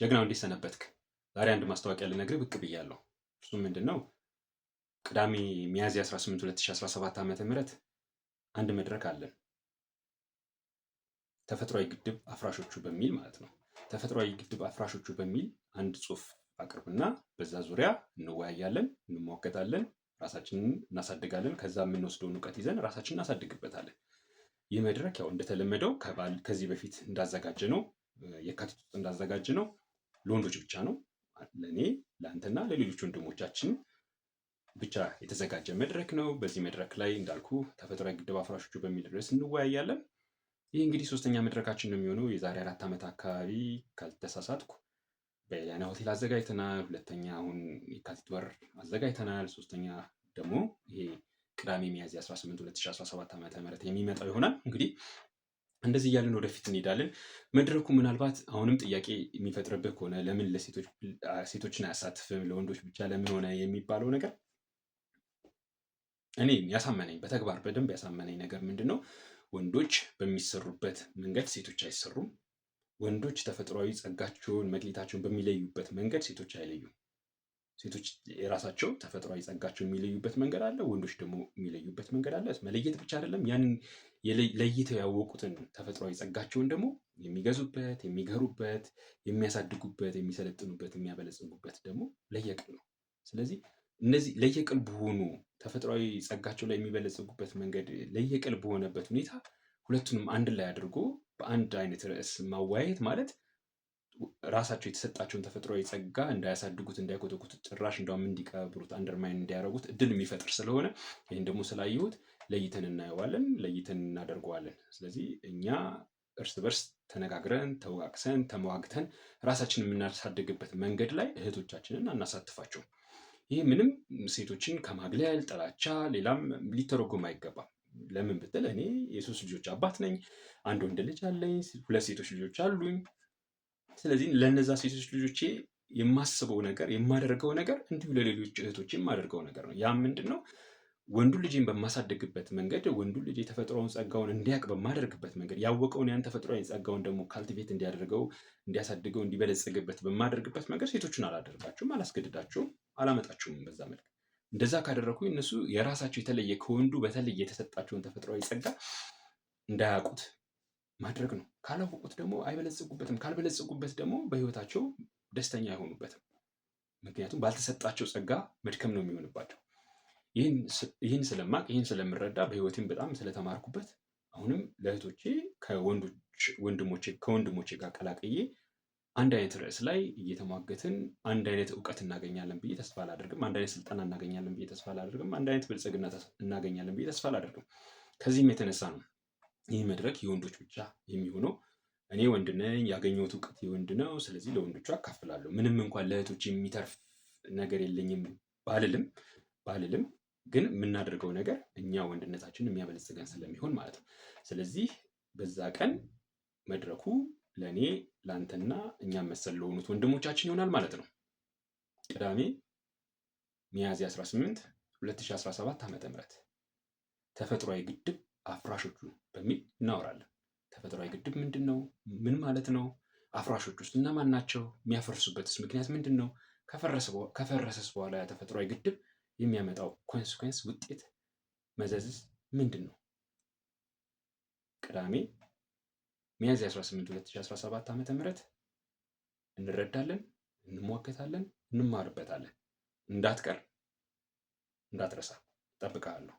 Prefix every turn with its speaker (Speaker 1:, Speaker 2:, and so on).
Speaker 1: ጀግናው እንዴት ሰነበትክ? ዛሬ አንድ ማስታወቂያ ልነግርህ ብቅ ብያለሁ። እሱ ምንድን ነው? ቅዳሜ ሚያዝያ 18 2017 ዓ ም አንድ መድረክ አለን። ተፈጥሯዊ ግድብ አፍራሾቹ በሚል ማለት ነው። ተፈጥሯዊ ግድብ አፍራሾቹ በሚል አንድ ጽሁፍ አቅርብና በዛ ዙሪያ እንወያያለን፣ እንሟገታለን፣ ራሳችንን እናሳድጋለን። ከዛ የምንወስደውን እውቀት ይዘን ራሳችንን እናሳድግበታለን። ይህ መድረክ ያው እንደተለመደው ከዚህ በፊት እንዳዘጋጀ ነው የካቲት ውስጥ እንዳዘጋጀ ነው ለወንዶች ብቻ ነው። ለእኔ ለአንተና ለሌሎች ወንድሞቻችን ብቻ የተዘጋጀ መድረክ ነው። በዚህ መድረክ ላይ እንዳልኩ ተፈጥሯዊ ግድብ አፍራሾቹ በሚል እንወያያለን። ይህ እንግዲህ ሶስተኛ መድረካችን ነው የሚሆነው። የዛሬ አራት ዓመት አካባቢ ካልተሳሳትኩ በያና ሆቴል አዘጋጅተናል። ሁለተኛ አሁን የካቲት ወር አዘጋጅተናል። ሶስተኛ ደግሞ ይሄ ቅዳሜ ሚያዝያ 18 2017 ዓ ም የሚመጣው ይሆናል እንግዲህ እንደዚህ እያለን ወደፊት እንሄዳለን። መድረኩ ምናልባት አሁንም ጥያቄ የሚፈጥርብህ ከሆነ ለምን ለሴቶችን አያሳትፍም ለወንዶች ብቻ ለምን ሆነ የሚባለው ነገር እኔ ያሳመነኝ በተግባር በደንብ ያሳመነኝ ነገር ምንድን ነው? ወንዶች በሚሰሩበት መንገድ ሴቶች አይሰሩም። ወንዶች ተፈጥሯዊ ጸጋቸውን መክሊታቸውን በሚለዩበት መንገድ ሴቶች አይለዩም። ሴቶች የራሳቸው ተፈጥሯዊ ጸጋቸው የሚለዩበት መንገድ አለ። ወንዶች ደግሞ የሚለዩበት መንገድ አለ። መለየት ብቻ አይደለም፣ ያንን ለይተው ያወቁትን ተፈጥሯዊ ጸጋቸውን ደግሞ የሚገዙበት፣ የሚገሩበት፣ የሚያሳድጉበት፣ የሚሰለጥኑበት፣ የሚያበለጽጉበት ደግሞ ለየቅል ነው። ስለዚህ እነዚህ ለየቅል በሆኑ ተፈጥሯዊ ጸጋቸው ላይ የሚበለጽጉበት መንገድ ለየቅል በሆነበት ሁኔታ ሁለቱንም አንድ ላይ አድርጎ በአንድ አይነት ርዕስ ማወያየት ማለት ራሳቸው የተሰጣቸውን ተፈጥሮ የጸጋ እንዳያሳድጉት፣ እንዳይኮተኩት፣ ጭራሽ እንዳውም እንዲቀብሩት፣ አንደርማይን እንዲያደርጉት እድል የሚፈጥር ስለሆነ ይህን ደግሞ ስላየሁት ለይተን እናየዋለን፣ ለይተን እናደርገዋለን። ስለዚህ እኛ እርስ በርስ ተነጋግረን ተወቃቅሰን ተመዋግተን ራሳችንን የምናሳድግበት መንገድ ላይ እህቶቻችንን አናሳትፋቸው። ይህ ምንም ሴቶችን ከማግለል ጥላቻ፣ ሌላም ሊተረጎም አይገባም። ለምን ብትል እኔ የሶስት ልጆች አባት ነኝ። አንድ ወንድ ልጅ አለኝ። ሁለት ሴቶች ልጆች አሉኝ። ስለዚህ ለነዛ ሴቶች ልጆቼ የማስበው ነገር የማደርገው ነገር እንዲሁ ለሌሎች እህቶች የማደርገው ነገር ነው። ያ ምንድን ነው? ወንዱ ልጅን በማሳደግበት መንገድ ወንዱ ልጅ የተፈጥሮውን ጸጋውን እንዲያውቅ በማደርግበት መንገድ ያወቀውን ያን ተፈጥሯዊ ጸጋውን ደግሞ ካልቲቬት እንዲያደርገው እንዲያሳድገው እንዲበለጸግበት በማደርግበት መንገድ ሴቶቹን አላደርጋቸውም አላስገድዳቸውም፣ አላመጣቸውም በዛ መልክ። እንደዛ ካደረግኩኝ እነሱ የራሳቸው የተለየ ከወንዱ በተለየ የተሰጣቸውን ተፈጥሯዊ ጸጋ እንዳያውቁት ማድረግ ነው። ካላወቁት ደግሞ አይበለጽጉበትም። ካልበለጽጉበት ደግሞ በህይወታቸው ደስተኛ አይሆኑበትም። ምክንያቱም ባልተሰጣቸው ጸጋ መድከም ነው የሚሆንባቸው። ይህን ስለማቅ ይህን ስለምረዳ በህይወቴም በጣም ስለተማርኩበት አሁንም ለእህቶቼ ከወንድሞቼ ጋር ቀላቅዬ አንድ አይነት ርዕስ ላይ እየተሟገትን አንድ አይነት እውቀት እናገኛለን ብዬ ተስፋ አላደርግም። አንድ አይነት ስልጠና እናገኛለን ብዬ ተስፋ አላደርግም። አንድ አይነት ብልጽግና እናገኛለን ብዬ ተስፋ አላደርግም። ከዚህም የተነሳ ነው ይህ መድረክ የወንዶች ብቻ የሚሆነው እኔ ወንድ ነኝ፣ ያገኘሁት እውቀት የወንድ ነው። ስለዚህ ለወንዶቹ አካፍላለሁ። ምንም እንኳን ለእህቶች የሚተርፍ ነገር የለኝም ባልልም ባልልም ግን የምናደርገው ነገር እኛ ወንድነታችንን የሚያበለጽገን ስለሚሆን ማለት ነው። ስለዚህ በዛ ቀን መድረኩ ለእኔ ለአንተና እኛም መሰል ለሆኑት ወንድሞቻችን ይሆናል ማለት ነው። ቅዳሜ ሚያዝያ 18 2017 ዓ ም ተፈጥሯዊ ግድብ አፍራሾቹ እናወራለን። ተፈጥሯዊ ግድብ ምንድን ነው? ምን ማለት ነው? አፍራሾች ውስጥ እነማን ናቸው? የሚያፈርሱበትስ ምክንያት ምንድን ነው? ከፈረሰስ በኋላ ያ ተፈጥሯዊ ግድብ የሚያመጣው ኮንስኮንስ ውጤት መዘዝስ ምንድን ነው? ቅዳሜ ሚያዝያ 18 2017 ዓ ም እንረዳለን፣ እንሟገታለን፣ እንማርበታለን። እንዳትቀር፣ እንዳትረሳ ጠብቃለሁ